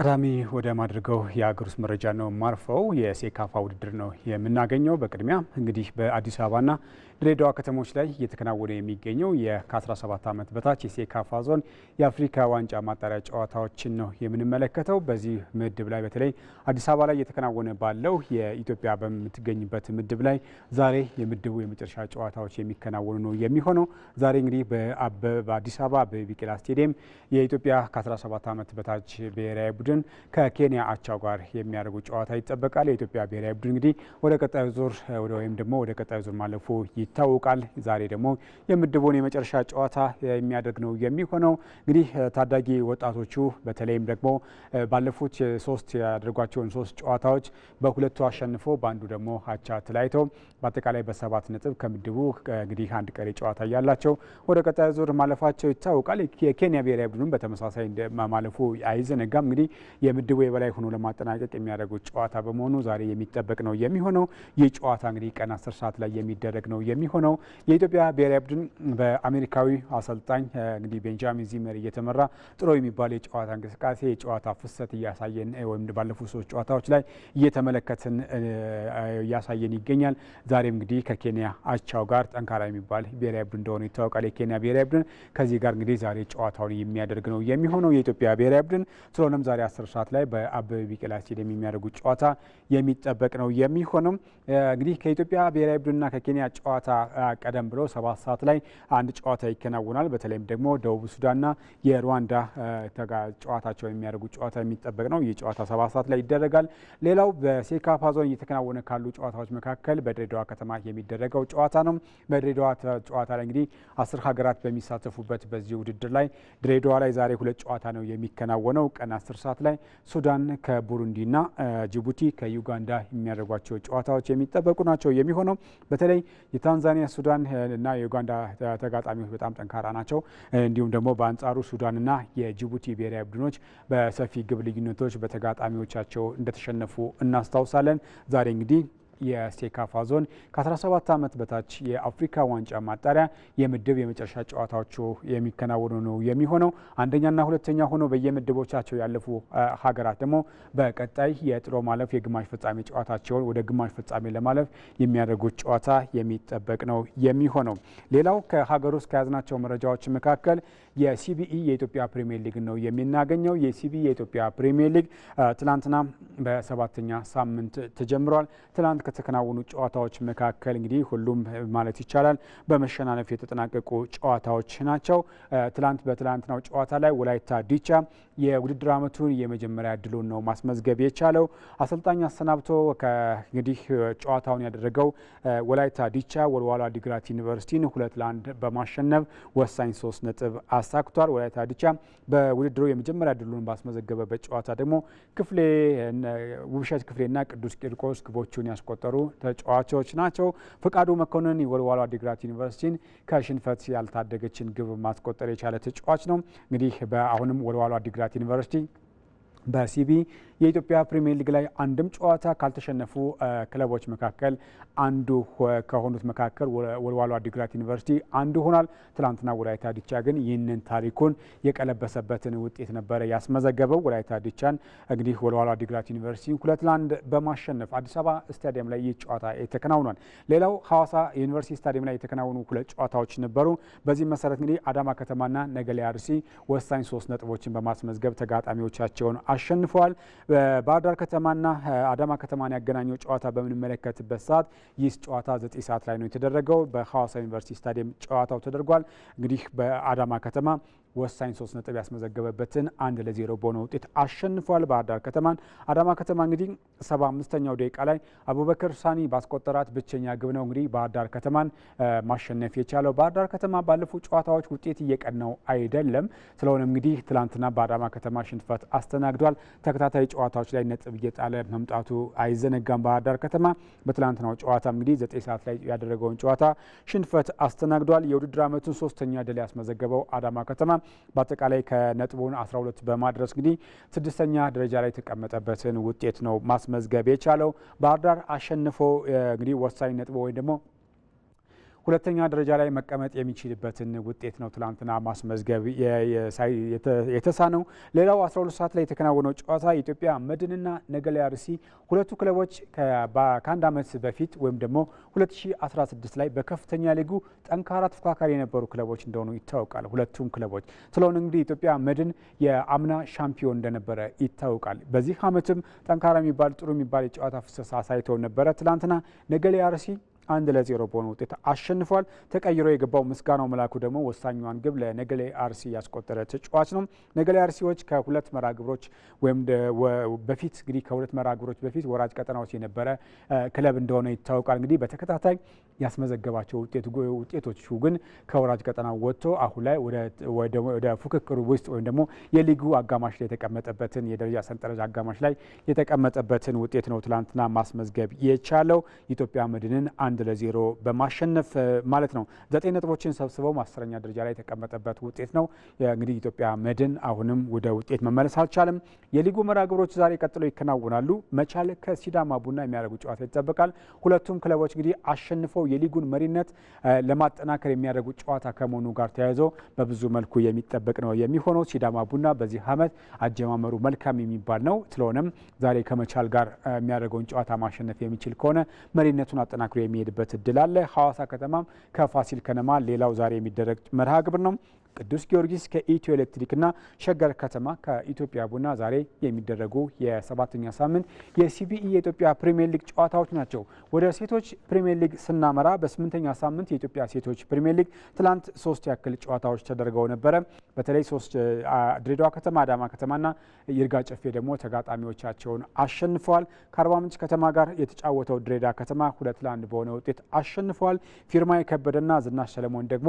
ቀዳሚ ወደ ማድርገው የሀገር ውስጥ መረጃ ነው ማርፈው የሴካፋ ውድድር ነው የምናገኘው። በቅድሚያ እንግዲህ በአዲስ አበባና ድሬዳዋ ከተሞች ላይ እየተከናወነ የሚገኘው የ 17 ዓመት በታች የሴካፋ ዞን የአፍሪካ ዋንጫ ማጣሪያ ጨዋታዎችን ነው የምንመለከተው። በዚህ ምድብ ላይ በተለይ አዲስ አበባ ላይ እየተከናወነ ባለው የኢትዮጵያ በምትገኝበት ምድብ ላይ ዛሬ የምድቡ የመጨረሻ ጨዋታዎች የሚከናወኑ ነው የሚሆነው። ዛሬ እንግዲህ በአዲስ አበባ አበበ ቢቂላ ስቴዲየም የኢትዮጵያ ከ17 ዓመት በታች ብሔራዊ ቡድን ከኬንያ አቻው ጋር የሚያደርጉ ጨዋታ ይጠበቃል። የኢትዮጵያ ብሔራዊ ቡድን እንግዲህ ወደ ቀጣዩ ዙር ወይም ደግሞ ወደ ቀጣዩ ዙር ማለፉ ይታወቃል። ዛሬ ደግሞ የምድቡን የመጨረሻ ጨዋታ የሚያደርግ ነው የሚሆነው። እንግዲህ ታዳጊ ወጣቶቹ በተለይም ደግሞ ባለፉት ሶስት ያደርጓቸውን ሶስት ጨዋታዎች በሁለቱ አሸንፎ በአንዱ ደግሞ አቻ ተለያይተው በአጠቃላይ በሰባት ነጥብ ከምድቡ እንግዲህ አንድ ቀሪ ጨዋታ እያላቸው ወደ ቀጣይ ዙር ማለፋቸው ይታወቃል። የኬንያ ብሔራዊ ቡድን በተመሳሳይ ማለፉ አይዘነጋም። እንግዲህ የምድቡ የበላይ ሆኖ ለማጠናቀቅ የሚያደርጉት ጨዋታ በመሆኑ ዛሬ የሚጠበቅ ነው የሚሆነው። ይህ ጨዋታ እንግዲህ ቀን አስር ሰዓት ላይ የሚደረግ ነው የሚሆነው። የኢትዮጵያ ብሔራዊ ቡድን በአሜሪካዊ አሰልጣኝ እንግዲህ ቤንጃሚን ዚመር እየተመራ ጥሩ የሚባል የጨዋታ እንቅስቃሴ የጨዋታ ፍሰት እያሳየን ወይም ባለፉት ሶስት ጨዋታዎች ላይ እየተመለከትን እያሳየን ይገኛል። ዛሬም እንግዲህ ከኬንያ አቻው ጋር ጠንካራ የሚባል ብሔራዊ ቡድን እንደሆነ ይታወቃል። የኬንያ ብሔራዊ ቡድን ከዚህ ጋር እንግዲህ ዛሬ ጨዋታውን የሚያደርግ ነው የሚሆነው የኢትዮጵያ ብሔራዊ ቡድን። ስለሆነም ዛሬ አስር ሰዓት ላይ በአበበ ቢቂላ ስቴዲየም የሚያደርጉት ጨዋታ የሚጠበቅ ነው የሚሆነው። እንግዲህ ከኢትዮጵያ ብሔራዊ ቡድንና ከኬንያ ጨዋታ ጨዋታ ቀደም ብሎ ሰባት ሰዓት ላይ አንድ ጨዋታ ይከናወናል። በተለይም ደግሞ ደቡብ ሱዳንና የሩዋንዳ ጨዋታቸው የሚያደርጉ ጨዋታ የሚጠበቅ ነው። ይህ ጨዋታ ሰባት ሰዓት ላይ ይደረጋል። ሌላው በሴካፋ ዞን እየተከናወነ ካሉ ጨዋታዎች መካከል በድሬዳዋ ከተማ የሚደረገው ጨዋታ ነው። በድሬዳዋ ጨዋታ ላይ እንግዲህ አስር ሀገራት በሚሳተፉበት በዚህ ውድድር ላይ ድሬዳዋ ላይ ዛሬ ሁለት ጨዋታ ነው የሚከናወነው። ቀን አስር ሰዓት ላይ ሱዳን ከቡሩንዲና ጅቡቲ ከዩጋንዳ የሚያደርጓቸው ጨዋታዎች የሚጠበቁ ናቸው የሚሆነው በተለይ ታንዛኒያ፣ ሱዳን እና የዩጋንዳ ተጋጣሚዎች በጣም ጠንካራ ናቸው። እንዲሁም ደግሞ በአንጻሩ ሱዳንና የጅቡቲ ብሔራዊ ቡድኖች በሰፊ ግብ ልዩነቶች በተጋጣሚዎቻቸው እንደተሸነፉ እናስታውሳለን። ዛሬ እንግዲህ የሴካፋ ዞን ከ17 ዓመት በታች የአፍሪካ ዋንጫ ማጣሪያ የምድብ የመጨረሻ ጨዋታዎቹ የሚከናወኑ ነው የሚሆነው። አንደኛና ሁለተኛ ሆኖ በየምድቦቻቸው ያለፉ ሀገራት ደግሞ በቀጣይ የጥሎ ማለፍ የግማሽ ፍጻሜ ጨዋታቸውን ወደ ግማሽ ፍጻሜ ለማለፍ የሚያደርጉት ጨዋታ የሚጠበቅ ነው የሚሆነው። ሌላው ከሀገር ውስጥ ከያዝናቸው መረጃዎች መካከል የሲቢኢ የኢትዮጵያ ፕሪሚየር ሊግ ነው የሚናገኘው። የሲቢኢ የኢትዮጵያ ፕሪሚየር ሊግ ትላንትና በሰባተኛ ሳምንት ተጀምሯል። ትላንት ከተከናወኑ ጨዋታዎች መካከል እንግዲህ ሁሉም ማለት ይቻላል በመሸናነፍ የተጠናቀቁ ጨዋታዎች ናቸው። ትላንት በትላንትናው ጨዋታ ላይ ወላይታ ዲቻ የውድድር ዓመቱን የመጀመሪያ ድሉን ነው ማስመዝገብ የቻለው። አሰልጣኝ አሰናብቶ እንግዲህ ጨዋታውን ያደረገው ወላይታ ዲቻ ወልዋሏ ዲግራት ዩኒቨርሲቲን ሁለት ለአንድ በማሸነፍ ወሳኝ ሶስት ነጥብ አሳክቷል። ወላይታ ዲቻ በውድድሩ የመጀመሪያ ድሉን ባስመዘገበበት ጨዋታ ደግሞ ክፍሌ ውብሸት ክፍሌና ቅዱስ ቂርቆስ ግቦቹን ያስቆጠሩ ተጫዋቾች ናቸው። ፈቃዱ መኮንን የወልዋሎ አዲግራት ዩኒቨርሲቲን ከሽንፈት ያልታደገችን ግብ ማስቆጠር የቻለ ተጫዋች ነው። እንግዲህ በአሁንም ወልዋሎ አዲግራት ዩኒቨርሲቲ በሲቢ የኢትዮጵያ ፕሪሚየር ሊግ ላይ አንድም ጨዋታ ካልተሸነፉ ክለቦች መካከል አንዱ ከሆኑት መካከል ወልዋሎ አዲግራት ዩኒቨርሲቲ አንዱ ሆኗል። ትናንትና ወላይታ ዲቻ ግን ይህንን ታሪኩን የቀለበሰበትን ውጤት ነበረ ያስመዘገበው። ወላይታ ዲቻን እንግዲህ ወልዋሎ አዲግራት ዩኒቨርሲቲ ሁለት ለአንድ በማሸነፍ አዲስ አበባ ስታዲየም ላይ ይህ ጨዋታ የተከናውኗል። ሌላው ሀዋሳ ዩኒቨርሲቲ ስታዲየም ላይ የተከናወኑ ሁለት ጨዋታዎች ነበሩ። በዚህ መሰረት እንግዲህ አዳማ ከተማና ነገሌ አርሲ ወሳኝ ሶስት ነጥቦችን በማስመዝገብ ተጋጣሚዎቻቸውን አሸንፈዋል። ባህር ዳር ከተማና አዳማ ከተማን ያገናኘው ጨዋታ በምንመለከትበት ሰዓት ይህ ጨዋታ ዘጠኝ ሰዓት ላይ ነው የተደረገው። በሐዋሳ ዩኒቨርሲቲ ስታዲየም ጨዋታው ተደርጓል። እንግዲህ በአዳማ ከተማ ወሳኝ ሶስት ነጥብ ያስመዘገበበትን አንድ ለዜሮ በሆነ ውጤት አሸንፏል ባህር ዳር ከተማን። አዳማ ከተማ እንግዲህ ሰባ አምስተኛው ደቂቃ ላይ አቡበከር ሳኒ ባስቆጠራት ብቸኛ ግብ ነው እንግዲህ ባህር ዳር ከተማን ማሸነፍ የቻለው። ባህር ዳር ከተማ ባለፉት ጨዋታዎች ውጤት እየቀናው አይደለም። ስለሆነም እንግዲህ ትላንትና በአዳማ ከተማ ሽንፈት አስተናግዷል። ተከታታይ ጨዋታዎች ላይ ነጥብ እየጣለ መምጣቱ አይዘነጋም። ባህር ዳር ከተማ በትላንትናው ጨዋታ እንግዲህ ዘጠኝ ሰዓት ላይ ያደረገውን ጨዋታ ሽንፈት አስተናግዷል። የውድድር ዓመቱን ሶስተኛ ድል ያስመዘገበው አዳማ ከተማ በአጠቃላይ ከነጥቡን 12 በማድረስ እንግዲህ ስድስተኛ ደረጃ ላይ የተቀመጠበትን ውጤት ነው ማስመዝገብ የቻለው። ባህር ዳር አሸንፎ እንግዲህ ወሳኝ ነጥቦ ወይም ደግሞ ሁለተኛ ደረጃ ላይ መቀመጥ የሚችልበትን ውጤት ነው ትላንትና ማስመዝገብ የተሳነው። ሌላው 12 ሰዓት ላይ የተከናወነው ጨዋታ የኢትዮጵያ መድንና ነገሌ አርሲ ሁለቱ ክለቦች ከአንድ ዓመት በፊት ወይም ደግሞ 2016 ላይ በከፍተኛ ሊጉ ጠንካራ ተፎካካሪ የነበሩ ክለቦች እንደሆኑ ይታወቃል። ሁለቱም ክለቦች ስለሆነ እንግዲህ ኢትዮጵያ መድን የአምና ሻምፒዮን እንደነበረ ይታወቃል። በዚህ ዓመትም ጠንካራ የሚባል ጥሩ የሚባል የጨዋታ ፍሰሳ ሳይተው ነበረ። ትላንትና ነገሌ አርሲ አንድ ለዜሮ በሆነ ውጤት አሸንፏል። ተቀይሮ የገባው ምስጋናው መላኩ ደግሞ ወሳኛዋን ግብ ለነገሌ አርሲ ያስቆጠረ ተጫዋች ነው። ነገሌ አርሲዎች ከሁለት መራግብሮች ግብሮች ወይም በፊት እንግዲህ ከሁለት መራግብሮች ግብሮች በፊት ወራጅ ቀጠና የነበረ ክለብ እንደሆነ ይታወቃል። እንግዲህ በተከታታይ ያስመዘገባቸው ውጤቶቹ ግን ከወራጅ ቀጠና ወጥቶ አሁን ላይ ወደ ፉክክሩ ውስጥ ወይም ደግሞ የሊጉ አጋማሽ ላይ የተቀመጠበትን የደረጃ ሰንጠረዥ አጋማሽ ላይ የተቀመጠበትን ውጤት ነው ትላንትና ማስመዝገብ የቻለው ኢትዮጵያ መድንን አንድ ለዜሮ በማሸነፍ ማለት ነው። ዘጠኝ ነጥቦችን ሰብስበው አስረኛ ደረጃ ላይ የተቀመጠበት ውጤት ነው። እንግዲህ ኢትዮጵያ መድን አሁንም ወደ ውጤት መመለስ አልቻለም። የሊጉ መርሃ ግብሮች ዛሬ ቀጥሎ ይከናወናሉ። መቻል ከሲዳማ ቡና የሚያደርጉ ጨዋታ ይጠበቃል። ሁለቱም ክለቦች እንግዲህ አሸንፈው የሊጉን መሪነት ለማጠናከር የሚያደርጉ ጨዋታ ከመሆኑ ጋር ተያይዞ በብዙ መልኩ የሚጠበቅ ነው የሚሆነው። ሲዳማ ቡና በዚህ አመት አጀማመሩ መልካም የሚባል ነው። ስለሆነም ዛሬ ከመቻል ጋር የሚያደርገውን ጨዋታ ማሸነፍ የሚችል ከሆነ መሪነቱን አጠናክሮ የሚሄድበት እድል አለ። ሐዋሳ ከተማም ከፋሲል ከነማ ሌላው ዛሬ የሚደረግ መርሃ ግብር ነው። ቅዱስ ጊዮርጊስ ከኢትዮ ኤሌክትሪክና ሸገር ከተማ ከኢትዮጵያ ቡና ዛሬ የሚደረጉ የሰባተኛ ሳምንት የሲቢኢ የኢትዮጵያ ፕሪምየር ሊግ ጨዋታዎች ናቸው። ወደ ሴቶች ፕሪምየር ሊግ ስናመራ በስምንተኛ ሳምንት የኢትዮጵያ ሴቶች ፕሪምየር ሊግ ትላንት ሶስት ያክል ጨዋታዎች ተደርገው ነበረ። በተለይ ሶስት ድሬዳዋ ከተማ፣ አዳማ ከተማና ይርጋ ጨፌ ደግሞ ተጋጣሚዎቻቸውን አሸንፈዋል። ከአርባ ምንጭ ከተማ ጋር የተጫወተው ድሬዳ ከተማ ሁለት ለአንድ በሆነ ውጤት አሸንፈዋል። ፊርማ የከበደና ዝናሽ ሰለሞን ደግሞ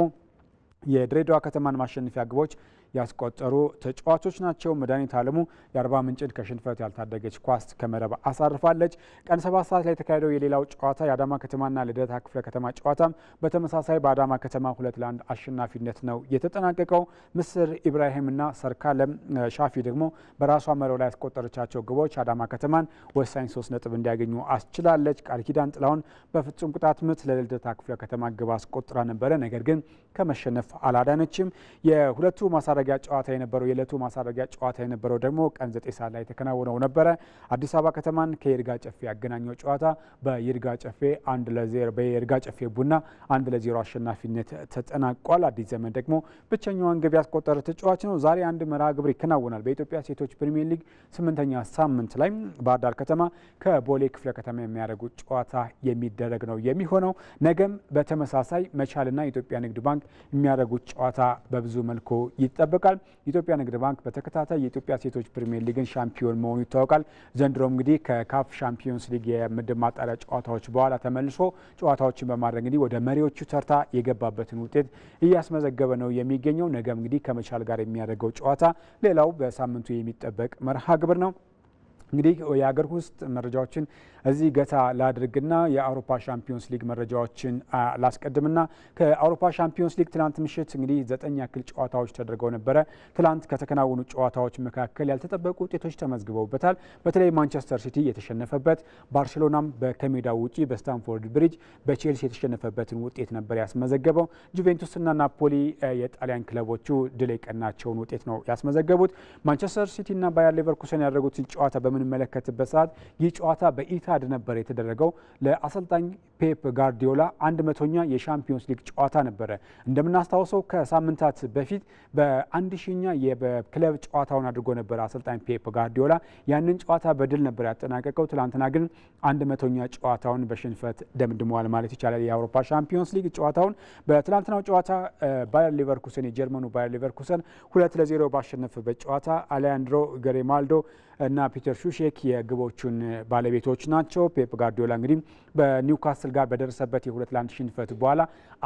የድሬዳዋ ከተማን ማሸነፊያ ግቦች ያስቆጠሩ ተጫዋቾች ናቸው። መድኃኒት አለሙ የአርባ ምንጭን ከሽንፈት ያልታደገች ኳስ ከመረብ አሳርፋለች። ቀን ሰባት ሰዓት ላይ የተካሄደው የሌላው ጨዋታ የአዳማ ከተማና ልደታ ክፍለ ከተማ ጨዋታም በተመሳሳይ በአዳማ ከተማ ሁለት ለአንድ አሸናፊነት ነው የተጠናቀቀው። ምስር ኢብራሂምና ሰርካለም ሻፊ ደግሞ በራሷ መረብ ላይ ያስቆጠረቻቸው ግቦች አዳማ ከተማን ወሳኝ ሶስት ነጥብ እንዲያገኙ አስችላለች። ቃል ኪዳን ጥላሁን በፍጹም ቅጣት ምት ለልደታ ክፍለ ከተማ ግብ አስቆጥራ ነበረ። ነገር ግን ከመሸነፍ አላዳነችም። የሁለቱ ማሳ ማሳረጊያ ጨዋታ የነበረው የዕለቱ ማሳረጊያ ጨዋታ የነበረው ደግሞ ቀን ዘጠኝ ሰዓት ላይ የተከናወነው ነበረ። አዲስ አበባ ከተማን ከይርጋ ጨፌ ያገናኘው ጨዋታ በይርጋ ጨፌ አንድ ለዜሮ በይርጋ ጨፌ ቡና አንድ ለዜሮ አሸናፊነት ተጠናቋል። አዲስ ዘመን ደግሞ ብቸኛዋን ግብ ያስቆጠረ ተጫዋች ነው። ዛሬ አንድ መርሃ ግብር ይከናወናል። በኢትዮጵያ ሴቶች ፕሪሚየር ሊግ ስምንተኛ ሳምንት ላይ ባህር ዳር ከተማ ከቦሌ ክፍለ ከተማ የሚያደርጉት ጨዋታ የሚደረግ ነው የሚሆነው። ነገም በተመሳሳይ መቻልና ኢትዮጵያ ንግድ ባንክ የሚያደርጉት ጨዋታ በብዙ መልኩ ይጠበቃል። ይጠበቃል። የኢትዮጵያ ንግድ ባንክ በተከታታይ የኢትዮጵያ ሴቶች ፕሪሚየር ሊግን ሻምፒዮን መሆኑ ይታወቃል። ዘንድሮም እንግዲህ ከካፍ ሻምፒዮንስ ሊግ የምድብ ማጣሪያ ጨዋታዎች በኋላ ተመልሶ ጨዋታዎችን በማድረግ እንግዲህ ወደ መሪዎቹ ተርታ የገባበትን ውጤት እያስመዘገበ ነው የሚገኘው። ነገም እንግዲህ ከመቻል ጋር የሚያደርገው ጨዋታ ሌላው በሳምንቱ የሚጠበቅ መርሃ ግብር ነው። እንግዲህ የሀገር ውስጥ መረጃዎችን እዚህ ገታ ላድርግና የአውሮፓ ሻምፒዮንስ ሊግ መረጃዎችን ላስቀድምና ከአውሮፓ ሻምፒዮንስ ሊግ ትናንት ምሽት እንግዲህ ዘጠኝ ያክል ጨዋታዎች ተደርገው ነበረ። ትናንት ከተከናወኑ ጨዋታዎች መካከል ያልተጠበቁ ውጤቶች ተመዝግበውበታል። በተለይ ማንቸስተር ሲቲ የተሸነፈበት፣ ባርሴሎናም ከሜዳው ውጪ በስታንፎርድ ብሪጅ በቼልሲ የተሸነፈበትን ውጤት ነበር ያስመዘገበው። ጁቬንቱስና ናፖሊ የጣሊያን ክለቦቹ ድል የቀናቸውን ውጤት ነው ያስመዘገቡት። ማንቸስተር ሲቲና ባየር ሌቨርኩሰን ያደረጉትን ጨዋታ በምንመለከትበት ሰዓት ይህ ጨዋታ በኢታ ሪካርድ ነበር የተደረገው። ለአሰልጣኝ ፔፕ ጋርዲዮላ አንድ መቶኛ የሻምፒዮንስ ሊግ ጨዋታ ነበረ። እንደምናስታውሰው ከሳምንታት በፊት በአንድ ሺኛ የክለብ ጨዋታውን አድርጎ ነበር አሰልጣኝ ፔፕ ጋርዲዮላ። ያንን ጨዋታ በድል ነበር ያጠናቀቀው። ትናንትና ግን አንድ መቶኛ ጨዋታውን በሽንፈት ደምድመዋል ማለት ይቻላል። የአውሮፓ ሻምፒዮንስ ሊግ ጨዋታውን በትላንትናው ጨዋታ ባየር ሊቨርኩሰን የጀርመኑ ባየር ሊቨርኩሰን ሁለት ለዜሮ ባሸነፈበት ጨዋታ አሊያንድሮ ገሬማልዶ እና ፒተር ሹሼክ የግቦቹን ባለቤቶች ናቸው። ናቸው። ፔፕ ጋርዲዮላ እንግዲህ በኒውካስል ጋር በደረሰበት የሁለት ለአንድ ሽንፈት በኋላ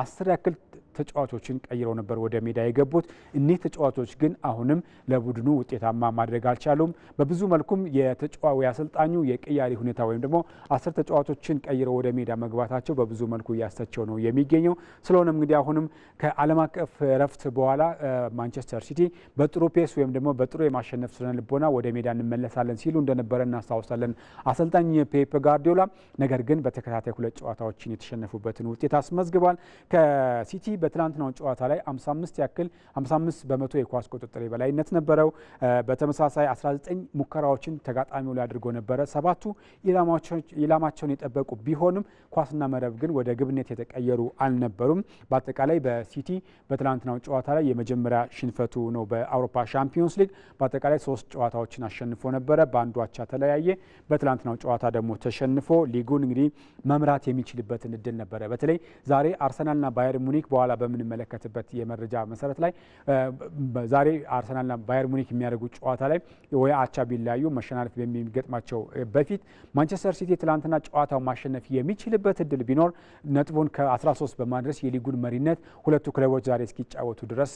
አስር ያክል ተጫዋቾችን ቀይረው ነበር ወደ ሜዳ የገቡት። እኒህ ተጫዋቾች ግን አሁንም ለቡድኑ ውጤታማ ማድረግ አልቻሉም። በብዙ መልኩም የተጫዋዊ አሰልጣኙ የቅያሪ ሁኔታ ወይም ደግሞ አስር ተጫዋቾችን ቀይረው ወደ ሜዳ መግባታቸው በብዙ መልኩ እያስተቸው ነው የሚገኘው። ስለሆነም እንግዲህ አሁንም ከዓለም አቀፍ ረፍት በኋላ ማንቸስተር ሲቲ በጥሩ ፔስ ወይም ደግሞ በጥሩ የማሸነፍ ስነ ልቦና ወደ ሜዳ እንመለሳለን ሲሉ እንደነበረ እናስታውሳለን አሰልጣኝ ፔፕ ጋርዲዮላ። ነገር ግን በተከታታይ ሁለት ጨዋታዎችን የተሸነፉበትን ውጤት አስመዝግቧል ከሲቲ በትላንትናው ጨዋታ ላይ 55 ያክል 55 በመቶ የኳስ ቁጥጥር የበላይነት ነበረው። በተመሳሳይ 19 ሙከራዎችን ተጋጣሚው ላይ አድርጎ ነበረ። ሰባቱ ኢላማቸውን የጠበቁ ቢሆንም ኳስና መረብ ግን ወደ ግብነት የተቀየሩ አልነበሩም። በአጠቃላይ በሲቲ በትላንትናው ጨዋታ ላይ የመጀመሪያ ሽንፈቱ ነው በአውሮፓ ሻምፒዮንስ ሊግ። በአጠቃላይ ሶስት ጨዋታዎችን አሸንፎ ነበረ። በአንዱ አቻ ተለያየ። በትላንትናው ጨዋታ ደግሞ ተሸንፎ ሊጉን እንግዲህ መምራት የሚችልበትን እድል ነበረ። በተለይ ዛሬ አርሰናልና ባየር ሙኒክ በኋላ በኋላ በምንመለከትበት የመረጃ መሰረት ላይ ዛሬ አርሰናልና ባየር ሙኒክ የሚያደርጉ ጨዋታ ላይ ወይ አቻ ቢለያዩ መሸናነፍ በሚገጥማቸው በፊት ማንቸስተር ሲቲ ትላንትና ጨዋታው ማሸነፍ የሚችልበት እድል ቢኖር ነጥቡን ከ13 በማድረስ የሊጉን መሪነት ሁለቱ ክለቦች ዛሬ እስኪጫወቱ ድረስ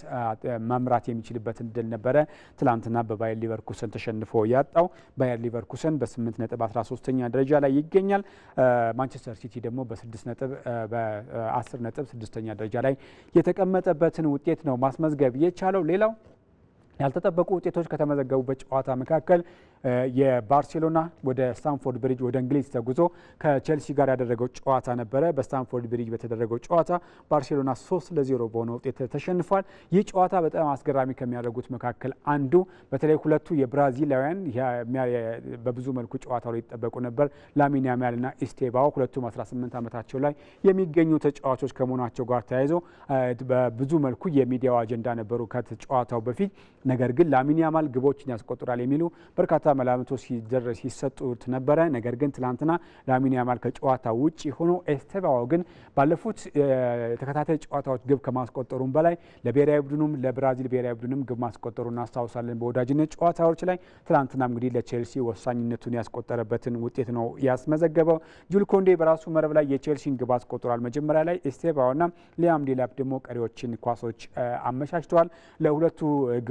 መምራት የሚችልበት እድል ነበረ። ትላንትና በባየር ሊቨርኩሰን ተሸንፎ ያጣው ባየር ሊቨርኩሰን በ8 ነጥብ 13ኛ ደረጃ ላይ ይገኛል። ማንቸስተር ሲቲ ደግሞ በ6 ነጥብ በ10 ነጥብ ስድስተኛ ደረጃ ላይ የተቀመጠበትን ውጤት ነው ማስመዝገብ የቻለው። ሌላው ያልተጠበቁ ውጤቶች ከተመዘገቡበት ጨዋታ መካከል የባርሴሎና ወደ ስታንፎርድ ብሪጅ ወደ እንግሊዝ ተጉዞ ከቼልሲ ጋር ያደረገው ጨዋታ ነበረ። በስታንፎርድ ብሪጅ በተደረገው ጨዋታ ባርሴሎና ሶስት ለዜሮ በሆነ ውጤት ተሸንፏል። ይህ ጨዋታ በጣም አስገራሚ ከሚያደርጉት መካከል አንዱ በተለይ ሁለቱ የብራዚላውያን በብዙ መልኩ ጨዋታ ላይ ይጠበቁ ነበር። ላሚን ና ኢስቴባው ሁለቱም 18 ዓመታቸው ላይ የሚገኙ ተጫዋቾች ከመሆናቸው ጋር ተያይዞ በብዙ መልኩ የሚዲያው አጀንዳ ነበሩ ከጨዋታው በፊት ነገር ግን ላሚን ያማል ግቦችን ያስቆጥራል የሚሉ በርካታ ሲደረስ ሲሰጡት ነበረ። ነገር ግን ትላንትና ላሚን ያማል ከጨዋታ ውጭ ሆኖ ኤስቴቫዎ ግን ባለፉት ተከታታይ ጨዋታዎች ግብ ከማስቆጠሩም በላይ ለብሔራዊ ቡድኑም ለብራዚል ብሔራዊ ቡድኑም ግብ ማስቆጠሩ እናስታውሳለን። በወዳጅነት ጨዋታዎች ላይ ትላንትና እንግዲህ ለቼልሲ ወሳኝነቱን ያስቆጠረበትን ውጤት ነው ያስመዘገበው። ጁል ኮንዴ በራሱ መረብ ላይ የቼልሲን ግብ አስቆጥሯል። መጀመሪያ ላይ ኤስቴቫዎና ሊያም ዴላፕ ደግሞ ቀሪዎችን ኳሶች አመቻችተዋል። ለሁለቱ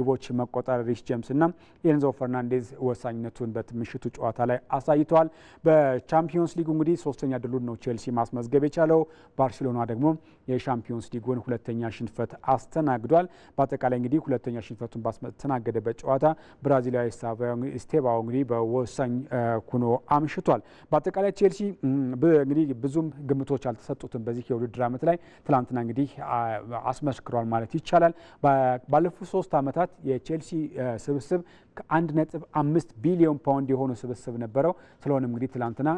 ግቦች መቆጠር ሪስ ጄምስና ኤንዞ ፈርናንዴዝ ወሳኝ አሰልጣኝነቱን በምሽቱ ጨዋታ ላይ አሳይተዋል። በቻምፒዮንስ ሊጉ እንግዲህ ሶስተኛ ድሉን ነው ቼልሲ ማስመዝገብ የቻለው። ባርሴሎና ደግሞ የሻምፒዮንስ ሊጉን ሁለተኛ ሽንፈት አስተናግዷል። በአጠቃላይ እንግዲህ ሁለተኛ ሽንፈቱን ባስተናገደበት ጨዋታ ብራዚላዊ ስቴባው እንግዲህ በወሳኝ ኩኖ አምሽቷል። በአጠቃላይ ቼልሲ እንግዲህ ብዙም ግምቶች አልተሰጡትም በዚህ የውድድር ዓመት ላይ ትላንትና እንግዲህ አስመስክሯል ማለት ይቻላል። ባለፉት ሶስት ዓመታት የቼልሲ ስብስብ ከአንድ ነጥብ አምስት ቢሊዮን ፓውንድ የሆነ ስብስብ ነበረው። ስለሆነም እንግዲህ ትላንትና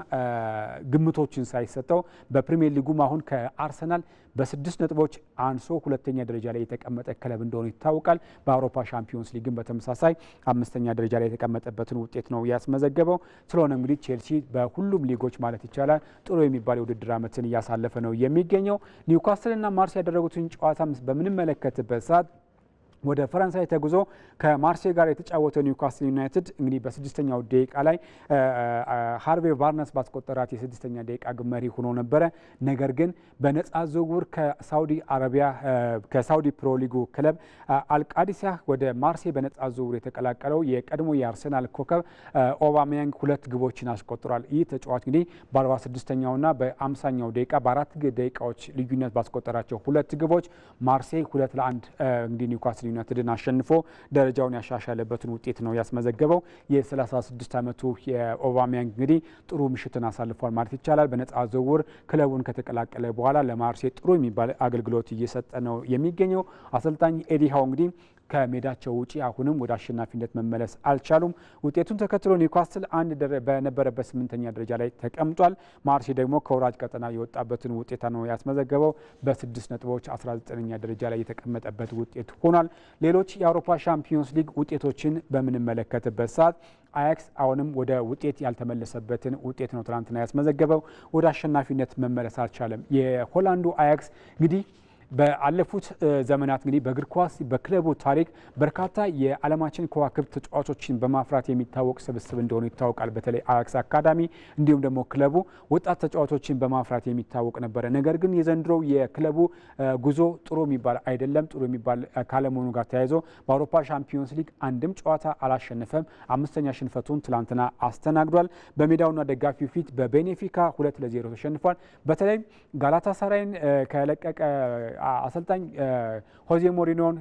ግምቶችን ሳይሰጠው በፕሪሚየር ሊጉም አሁን ከአርሰናል በስድስት ነጥቦች አንሶ ሁለተኛ ደረጃ ላይ የተቀመጠ ክለብ እንደሆነ ይታወቃል። በአውሮፓ ሻምፒዮንስ ሊግም በተመሳሳይ አምስተኛ ደረጃ ላይ የተቀመጠበትን ውጤት ነው ያስመዘገበው። ስለሆነ እንግዲህ ቼልሲ በሁሉም ሊጎች ማለት ይቻላል ጥሩ የሚባል የውድድር ዓመትን እያሳለፈ ነው የሚገኘው። ኒውካስልና ማርስ ያደረጉትን ጨዋታ በምንመለከትበት ሰዓት ወደ ፈረንሳይ ተጉዞ ከማርሴ ጋር የተጫወተው ኒውካስል ዩናይትድ እንግዲህ በስድስተኛው ደቂቃ ላይ ሃርቬ ባርነስ ባስቆጠራት የስድስተኛ ደቂቃ ግብ መሪ ሆኖ ነበረ። ነገር ግን በነፃ ዝውውር ከሳውዲ አረቢያ ከሳውዲ ፕሮሊጉ ክለብ አልቃዲሳ ወደ ማርሴ በነፃ ዝውውር የተቀላቀለው የቀድሞ የአርሰናል ኮከብ ኦባሚያንግ ሁለት ግቦችን አስቆጥሯል። ይህ ተጫዋች እንግዲህ በ46ኛውና በ50ኛው ደቂቃ በአራት ደቂቃዎች ልዩነት ባስቆጠራቸው ሁለት ግቦች ማርሴ ሁለት ለአንድ እንግዲህ ኒውካስል ዩናይትድን አሸንፎ ደረጃውን ያሻሻለበትን ውጤት ነው ያስመዘገበው። የ36 ዓመቱ የኦባሚያንግ እንግዲህ ጥሩ ምሽትን አሳልፏል ማለት ይቻላል። በነጻ ዝውውር ክለቡን ከተቀላቀለ በኋላ ለማርሴ ጥሩ የሚባል አገልግሎት እየሰጠ ነው የሚገኘው። አሰልጣኝ ኤዲሃው እንግዲህ ከሜዳቸው ውጪ አሁንም ወደ አሸናፊነት መመለስ አልቻሉም። ውጤቱን ተከትሎ ኒውካስትል አንድ በነበረበት ስምንተኛ ደረጃ ላይ ተቀምጧል። ማርሴ ደግሞ ከወራጅ ቀጠና የወጣበትን ውጤታ ነው ያስመዘገበው። በስድስት ነጥቦች 19ኛ ደረጃ ላይ የተቀመጠበት ውጤት ሆኗል። ሌሎች የአውሮፓ ሻምፒዮንስ ሊግ ውጤቶችን በምንመለከትበት ሰዓት አያክስ አሁንም ወደ ውጤት ያልተመለሰበትን ውጤት ነው ትናንትና ያስመዘገበው። ወደ አሸናፊነት መመለስ አልቻለም። የሆላንዱ አያክስ እንግዲህ በአለፉት ዘመናት እንግዲህ በእግር ኳስ በክለቡ ታሪክ በርካታ የዓለማችን ከዋክብት ተጫዋቾችን በማፍራት የሚታወቅ ስብስብ እንደሆኑ ይታወቃል። በተለይ አያክስ አካዳሚ እንዲሁም ደግሞ ክለቡ ወጣት ተጫዋቾችን በማፍራት የሚታወቅ ነበረ። ነገር ግን የዘንድሮው የክለቡ ጉዞ ጥሩ የሚባል አይደለም። ጥሩ የሚባል ካለመሆኑ ጋር ተያይዞ በአውሮፓ ሻምፒዮንስ ሊግ አንድም ጨዋታ አላሸነፈም። አምስተኛ ሽንፈቱን ትላንትና አስተናግዷል። በሜዳውና ደጋፊው ፊት በቤኔፊካ ሁለት ለዜሮ ተሸንፏል። በተለይ ጋላታ ሳራይን ከለቀቀ አሰልጣኝ ሆዜ ሞሪኖን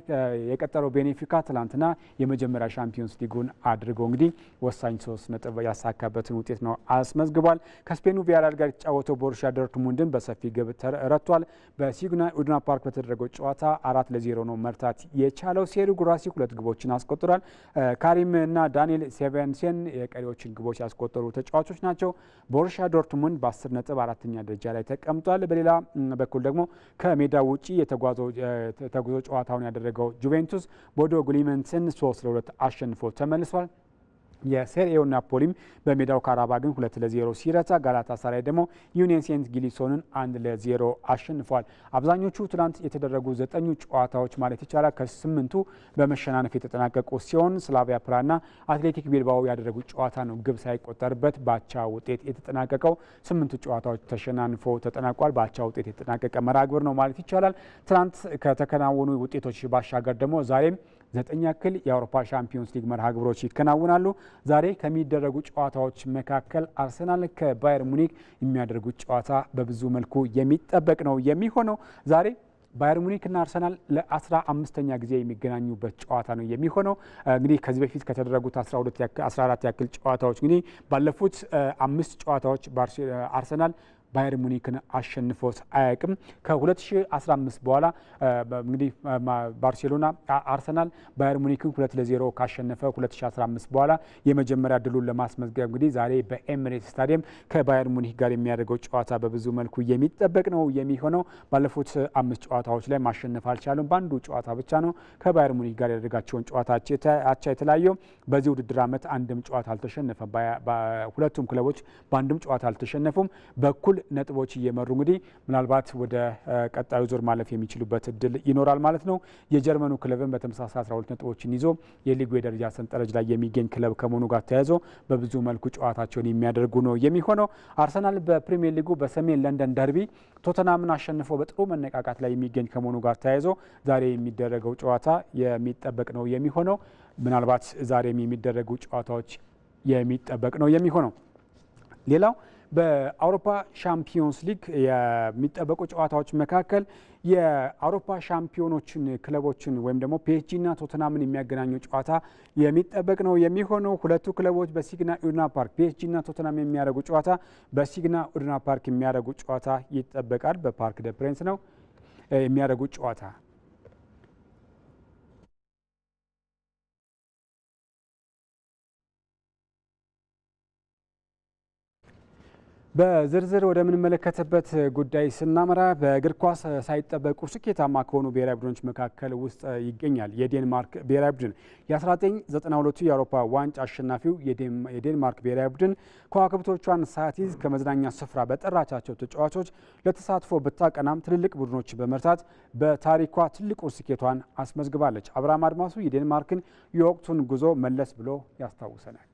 የቀጠረው ቤኔፊካ ትላንትና የመጀመሪያ ሻምፒዮንስ ሊጉን አድርጎ እንግዲህ ወሳኝ ሶስት ነጥብ ያሳካበትን ውጤት ነው አስመዝግቧል። ከስፔኑ ቪያሪያል ጋር የተጫወተው ቦሩሺያ ዶርትሙንድን በሰፊ ግብ ረቷል። በሲግና ኢዱና ፓርክ በተደረገው ጨዋታ አራት ለዜሮ ነው መርታት የቻለው። ሴሪ ጉራሲ ሁለት ግቦችን አስቆጥሯል። ካሪም እና ዳንኤል ሴቨንሴን የቀሪዎችን ግቦች ያስቆጠሩ ተጫዋቾች ናቸው። ቦሩሺያ ዶርትሙንድ በአስር ነጥብ አራተኛ ደረጃ ላይ ተቀምጧል። በሌላ በኩል ደግሞ ከሜዳ ውጭ ውጪ የተጓዞ ጨዋታውን ያደረገው ጁቬንቱስ ቦዶ ግሊመንስን ሶስት ለሁለት አሸንፎ ተመልሷል። የሴሪኤው ናፖሊም በሜዳው ካራባግን ሁለት ለዜሮ ሲረታ ሳራይ ደግሞ ዩኒየን ሴንት ጊሊሶንን አንድ ለዜሮ አሸንፏል። አብዛኞቹ ትናንት የተደረጉ ዘጠኙ ጨዋታዎች ማለት ይቻላል ከስምንቱ በመሸናነፍ የተጠናቀቁ ሲሆን ስላቪያ ፕራና አትሌቲክ ቢልባው ያደረጉት ጨዋታ ነው ግብ ሳይቆጠርበት ባቻ ውጤት የተጠናቀቀው። ስምንቱ ጨዋታዎች ተሸናንፎ ተጠናቋል። በአቻ ውጤት የተጠናቀቀ መራግብር ነው ማለት ይቻላል። ትናንት ከተከናወኑ ውጤቶች ባሻገር ደግሞ ዛሬም ዘጠኝ ያክል የአውሮፓ ሻምፒዮንስ ሊግ መርሃ ግብሮች ይከናውናሉ። ዛሬ ከሚደረጉ ጨዋታዎች መካከል አርሰናል ከባየር ሙኒክ የሚያደርጉት ጨዋታ በብዙ መልኩ የሚጠበቅ ነው የሚሆነው ዛሬ ባየር ሙኒክና አርሰናል ለአስራ አምስተኛ ጊዜ የሚገናኙበት ጨዋታ ነው የሚሆነው። እንግዲህ ከዚህ በፊት ከተደረጉት 14 ያክል ጨዋታዎች እንግዲህ ባለፉት አምስት ጨዋታዎች አርሰናል ባየር ሙኒክን አሸንፎት አያቅም ከ ከ2015 በኋላ እንግዲህ ባርሴሎና አርሰናል ባየር ሙኒክን ለ0 ካሸነፈ 2015 በኋላ የመጀመሪያ ድሉን ለማስመዝገብ እንግዲህ ዛሬ በኤምሬት ስታዲየም ከባየር ሙኒክ ጋር የሚያደርገው ጨዋታ በብዙ መልኩ የሚጠበቅ ነው የሚሆነው። ባለፉት አምስት ጨዋታዎች ላይ ማሸነፍ አልቻለም። በአንዱ ጨዋታ ብቻ ነው ከባየር ሙኒክ ጋር ያደርጋቸውን ጨዋታ አቻ የተለያየው። በዚህ ውድድር ዓመት አንድም ጨዋታ አልተሸነፈም። ሁለቱም ክለቦች በአንድም ጨዋታ አልተሸነፉም። በኩል በኩል ነጥቦች እየመሩ እንግዲህ ምናልባት ወደ ቀጣዩ ዙር ማለፍ የሚችሉበት እድል ይኖራል ማለት ነው። የጀርመኑ ክለብን በተመሳሳይ 12 ነጥቦችን ይዞ የሊጉ የደረጃ ሰንጠረዥ ላይ የሚገኝ ክለብ ከመሆኑ ጋር ተያይዞ በብዙ መልኩ ጨዋታቸውን የሚያደርጉ ነው የሚሆነው። አርሰናል በፕሪሚየር ሊጉ በሰሜን ለንደን ደርቢ ቶተናምን አሸንፎ በጥሩ መነቃቃት ላይ የሚገኝ ከመሆኑ ጋር ተያይዞ ዛሬ የሚደረገው ጨዋታ የሚጠበቅ ነው የሚሆነው። ምናልባት ዛሬም የሚደረጉ ጨዋታዎች የሚጠበቅ ነው የሚሆነው። ሌላው በአውሮፓ ሻምፒዮንስ ሊግ የሚጠበቁ ጨዋታዎች መካከል የአውሮፓ ሻምፒዮኖችን ክለቦችን ወይም ደግሞ ፒኤስጂና ቶተናምን የሚያገናኙ ጨዋታ የሚጠበቅ ነው የሚሆነው። ሁለቱ ክለቦች በሲግና ኢዱና ፓርክ ፒኤስጂና ቶተናም የሚያደርጉ ጨዋታ በሲግና ኢዱና ፓርክ የሚያደርጉ ጨዋታ ይጠበቃል። በፓርክ ደ ፕሬንስ ነው የሚያደርጉ ጨዋታ በዝርዝር ወደምንመለከትበት ጉዳይ ስናመራ በእግር ኳስ ሳይጠበቁ ስኬታማ ከሆኑ ብሔራዊ ቡድኖች መካከል ውስጥ ይገኛል የዴንማርክ ብሔራዊ ቡድን። የ1992ቱ የአውሮፓ ዋንጫ አሸናፊው የዴንማርክ ብሔራዊ ቡድን ከዋክብቶቿን ሳትይዝ ከመዝናኛ ስፍራ በጠራቻቸው ተጫዋቾች ለተሳትፎ ብታቀናም ትልልቅ ቡድኖች በመርታት በታሪኳ ትልቁ ስኬቷን አስመዝግባለች። አብርሃም አድማሱ የዴንማርክን የወቅቱን ጉዞ መለስ ብሎ ያስታውሰናል።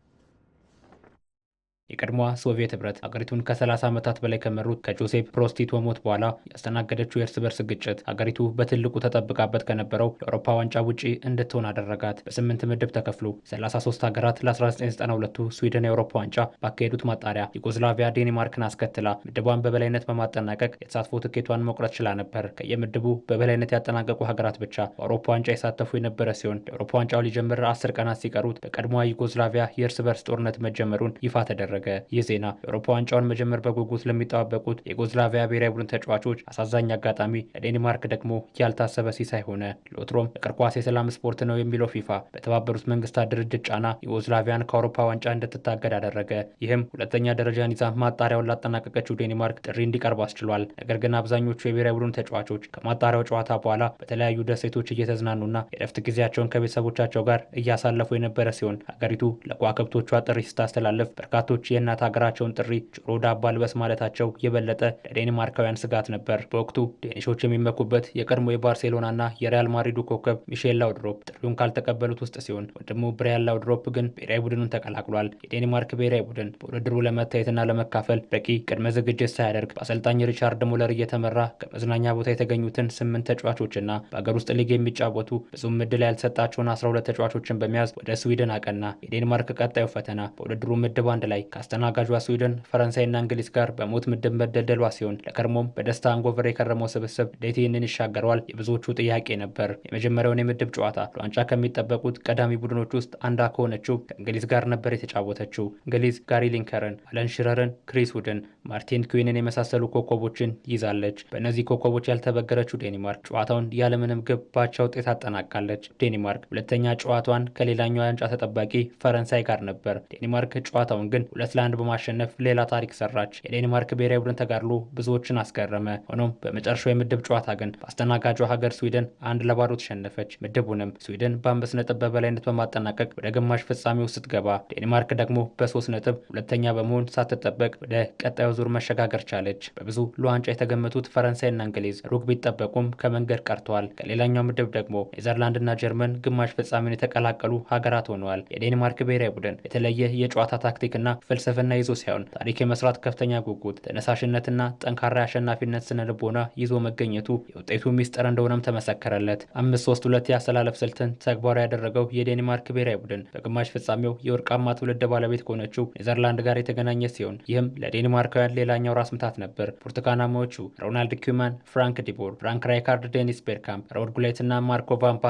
የቀድሞዋ ሶቪየት ህብረት አገሪቱን ከ30 ዓመታት በላይ ከመሩት ከጆሴፕ ብሮዝ ቲቶ ሞት በኋላ ያስተናገደችው የእርስ በርስ ግጭት አገሪቱ በትልቁ ተጠብቃበት ከነበረው ለአውሮፓ ዋንጫ ውጪ እንድትሆን አደረጋት። በስምንት ምድብ ተከፍሎ 33 ሀገራት ለ1992 ስዊድን የአውሮፓ ዋንጫ ባካሄዱት ማጣሪያ ዩጎዝላቪያ ዴንማርክን አስከትላ ምድቧን በበላይነት በማጠናቀቅ የተሳትፎ ትኬቷን መቁረጥ ችላ ነበር። ከየምድቡ በበላይነት ያጠናቀቁ ሀገራት ብቻ በአውሮፓ ዋንጫ የሳተፉ የነበረ ሲሆን የአውሮፓ ዋንጫው ሊጀምር አስር ቀናት ሲቀሩት በቀድሞዋ ዩጎዝላቪያ የእርስ በርስ ጦርነት መጀመሩን ይፋ ተደረገ። ያደረገ ይህ ዜና የአውሮፓ ዋንጫውን መጀመር በጉጉት ለሚጠባበቁት የዩጎዝላቪያ ብሔራዊ ቡድን ተጫዋቾች አሳዛኝ አጋጣሚ፣ ለዴንማርክ ደግሞ ያልታሰበ ሲሳይ ሆነ። ሎትሮም እግር ኳስ የሰላም ስፖርት ነው የሚለው ፊፋ በተባበሩት መንግስታት ድርጅት ጫና ዩጎዝላቪያን ከአውሮፓ ዋንጫ እንድትታገድ አደረገ። ይህም ሁለተኛ ደረጃን ይዛ ማጣሪያውን ላጠናቀቀችው ዴንማርክ ጥሪ እንዲቀርብ አስችሏል። ነገር ግን አብዛኞቹ የብሔራዊ ቡድን ተጫዋቾች ከማጣሪያው ጨዋታ በኋላ በተለያዩ ደሴቶች እየተዝናኑና የረፍት ጊዜያቸውን ከቤተሰቦቻቸው ጋር እያሳለፉ የነበረ ሲሆን ሀገሪቱ ለከዋክብቶቿ ጥሪ ስታስተላልፍ በርካቶች ዳኞች የእናት ሀገራቸውን ጥሪ ጭሮ ዳባ ልበስ ማለታቸው የበለጠ ለዴንማርካውያን ስጋት ነበር። በወቅቱ ዴኒሾች የሚመኩበት የቀድሞ የባርሴሎናና የሪያል ማድሪዱ ኮከብ ሚሼል ላውድሮፕ ጥሪውን ካልተቀበሉት ውስጥ ሲሆን ወንድሙ ብሪያን ላውድሮፕ ግን ብሔራዊ ቡድኑን ተቀላቅሏል። የዴንማርክ ብሔራዊ ቡድን በውድድሩ ለመታየትና ለመካፈል በቂ ቅድመ ዝግጅት ሳያደርግ በአሰልጣኝ ሪቻርድ ሙለር እየተመራ ከመዝናኛ ቦታ የተገኙትን ስምንት ተጫዋቾችና በአገር ውስጥ ሊግ የሚጫወቱ ብዙም ምድል ያልሰጣቸውን አስራ ሁለት ተጫዋቾችን በመያዝ ወደ ስዊድን አቀና። የዴንማርክ ቀጣዩ ፈተና በውድድሩ ምድብ አንድ ላይ ከአስተናጋጇ ስዊድን፣ ፈረንሳይና እንግሊዝ ጋር በሞት ምድብ መደልደሏ ሲሆን ለቀድሞም በደስታ አንጎቨር የከረመው ስብስብ ይህንን ይሻገረዋል የብዙዎቹ ጥያቄ ነበር። የመጀመሪያውን የምድብ ጨዋታ ለዋንጫ ከሚጠበቁት ቀዳሚ ቡድኖች ውስጥ አንዷ ከሆነችው ከእንግሊዝ ጋር ነበር የተጫወተችው። እንግሊዝ ጋሪ ሊንከርን፣ አለን ሽረርን፣ ክሪስ ውድን፣ ማርቲን ኩዊንን የመሳሰሉ ኮከቦችን ይዛለች። በእነዚህ ኮከቦች ያልተበገረችው ዴኒማርክ ጨዋታውን ያለምንም ግብ ባቻ ውጤት አጠናቃለች። ዴኒማርክ ሁለተኛ ጨዋታዋን ከሌላኛው ዋንጫ ተጠባቂ ፈረንሳይ ጋር ነበር። ዴኒማርክ ጨዋታውን ግን ሁለት ለአንድ በማሸነፍ ሌላ ታሪክ ሰራች። የዴንማርክ ብሔራዊ ቡድን ተጋድሎ ብዙዎችን አስገረመ። ሆኖም በመጨረሻው የምድብ ጨዋታ ግን በአስተናጋጇ ሀገር ስዊድን አንድ ለባዶ ተሸነፈች። ምድቡንም ስዊድን በአምስት ነጥብ በበላይነት በማጠናቀቅ ወደ ግማሽ ፍጻሜ ውስጥ ስትገባ፣ ዴንማርክ ደግሞ በሶስት ነጥብ ሁለተኛ በመሆን ሳትጠበቅ ወደ ቀጣዩ ዙር መሸጋገር ቻለች። በብዙ ለዋንጫ የተገመቱት ፈረንሳይና እንግሊዝ ሩቅ ቢጠበቁም ከመንገድ ቀርተዋል። ከሌላኛው ምድብ ደግሞ ኔዘርላንድና ጀርመን ግማሽ ፍጻሜውን የተቀላቀሉ ሀገራት ሆነዋል። የዴንማርክ ብሔራዊ ቡድን የተለየ የጨዋታ ታክቲክና ፍልስፍና ይዞ ሳይሆን ታሪክ የመስራት ከፍተኛ ጉጉት፣ ተነሳሽነትና ጠንካራ የአሸናፊነት ስነ ልቦና ይዞ መገኘቱ የውጤቱ ሚስጥር እንደሆነም ተመሰከረለት። አምስት ሶስት ሁለት የአሰላለፍ ስልትን ተግባራዊ ያደረገው የዴንማርክ ብሔራዊ ቡድን በግማሽ ፍጻሜው የወርቃማ ትውልድ ባለቤት ከሆነችው ኔዘርላንድ ጋር የተገናኘ ሲሆን ይህም ለዴንማርካውያን ሌላኛው ራስ ምታት ነበር። ብርቱካናማዎቹ ሮናልድ ኪማን፣ ፍራንክ ዲቦር፣ ፍራንክ ራይካርድ፣ ዴኒስ ቤርካምፕ፣ ሮድ ጉሌትና ማርኮ ቫን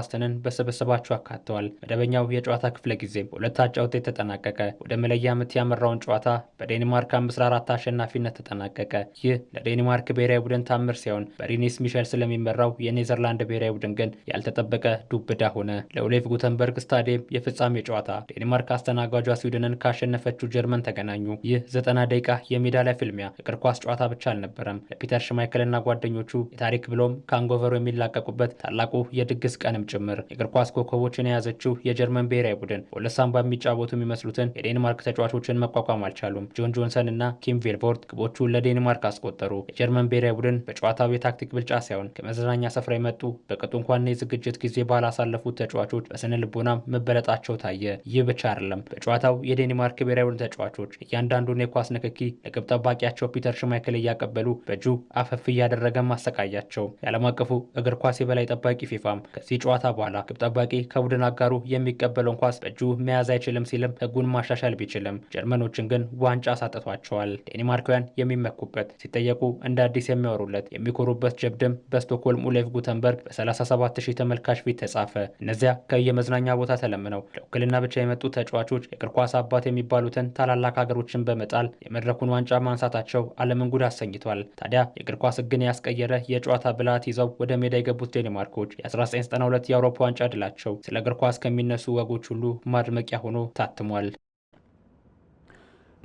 በስብስባቸው አካተዋል። መደበኛው የጨዋታ ክፍለ ጊዜ በሁለት አቻ ውጤት ተጠናቀቀ። ወደ መለያ ምት ያመራው ያደረገውን ጨዋታ በዴንማርክ አምስት ለአራት አሸናፊነት ተጠናቀቀ። ይህ ለዴንማርክ ብሔራዊ ቡድን ታምር ሲሆን በሪኒስ ሚሸል ስለሚመራው የኔዘርላንድ ብሔራዊ ቡድን ግን ያልተጠበቀ ዱብዳ ሆነ። ለኡሌፍ ጉተንበርግ ስታዲየም የፍጻሜ ጨዋታ ዴንማርክ አስተናጋጇ ስዊድንን ካሸነፈችው ጀርመን ተገናኙ። ይህ ዘጠና ደቂቃ የሜዳ ላይ ፍልሚያ እግር ኳስ ጨዋታ ብቻ አልነበረም። ለፒተር ሽማይክልና ጓደኞቹ የታሪክ ብሎም ካንጎቨሩ የሚላቀቁበት ታላቁ የድግስ ቀንም ጭምር የእግር ኳስ ኮከቦችን የያዘችው የጀርመን ብሔራዊ ቡድን በሁለት ሳምባ የሚጫወቱ የሚመስሉትን የዴንማርክ ተጫዋቾችን መቋቋ መቋቋም አልቻሉም። ጆን ጆንሰን እና ኪም ቬልቮርት ግቦቹን ለዴንማርክ አስቆጠሩ። የጀርመን ብሔራዊ ቡድን በጨዋታው የታክቲክ ብልጫ ሳይሆን ከመዝናኛ ስፍራ የመጡ በቅጡ እንኳን የዝግጅት ጊዜ ባላሳለፉት ተጫዋቾች በስነ ልቦናም መበለጣቸው ታየ። ይህ ብቻ አይደለም። በጨዋታው የዴንማርክ ብሔራዊ ቡድን ተጫዋቾች እያንዳንዱን የኳስ ንክኪ ለግብ ጠባቂያቸው ፒተር ሽማይክል እያቀበሉ በእጁ አፈፍ እያደረገ ማሰቃያቸው። የዓለም አቀፉ እግር ኳስ የበላይ ጠባቂ ፊፋም ከዚህ ጨዋታ በኋላ ግብ ጠባቂ ከቡድን አጋሩ የሚቀበለውን ኳስ በእጁ መያዝ አይችልም ሲልም ህጉን ማሻሻል ቢችልም ጀርመኖቹ ቡድኖችን ግን ዋንጫ አሳጥቷቸዋል። ዴኒማርካውያን የሚመኩበት ሲጠየቁ እንደ አዲስ የሚያወሩለት የሚኮሩበት ጀብድም በስቶክሆልም ኡሌቭ ጉተንበርግ በ37000 ተመልካች ፊት ተጻፈ። እነዚያ ከየመዝናኛ ቦታ ተለምነው ለውክልና ብቻ የመጡ ተጫዋቾች የእግር ኳስ አባት የሚባሉትን ታላላቅ ሀገሮችን በመጣል የመድረኩን ዋንጫ ማንሳታቸው ዓለምን ጉድ አሰኝቷል። ታዲያ የእግር ኳስ ሕግን ያስቀየረ የጨዋታ ብልሃት ይዘው ወደ ሜዳ የገቡት ዴንማርኮች የ1992 የአውሮፓ ዋንጫ ድላቸው ስለ እግር ኳስ ከሚነሱ ወጎች ሁሉ ማድመቂያ ሆኖ ታትሟል።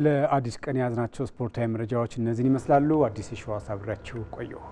ለአዲስ ቀን የያዝናቸው ስፖርታዊ መረጃዎች እነዚህን ይመስላሉ። አዲስ የሸዋስ አብሬያችሁ ቆየሁ።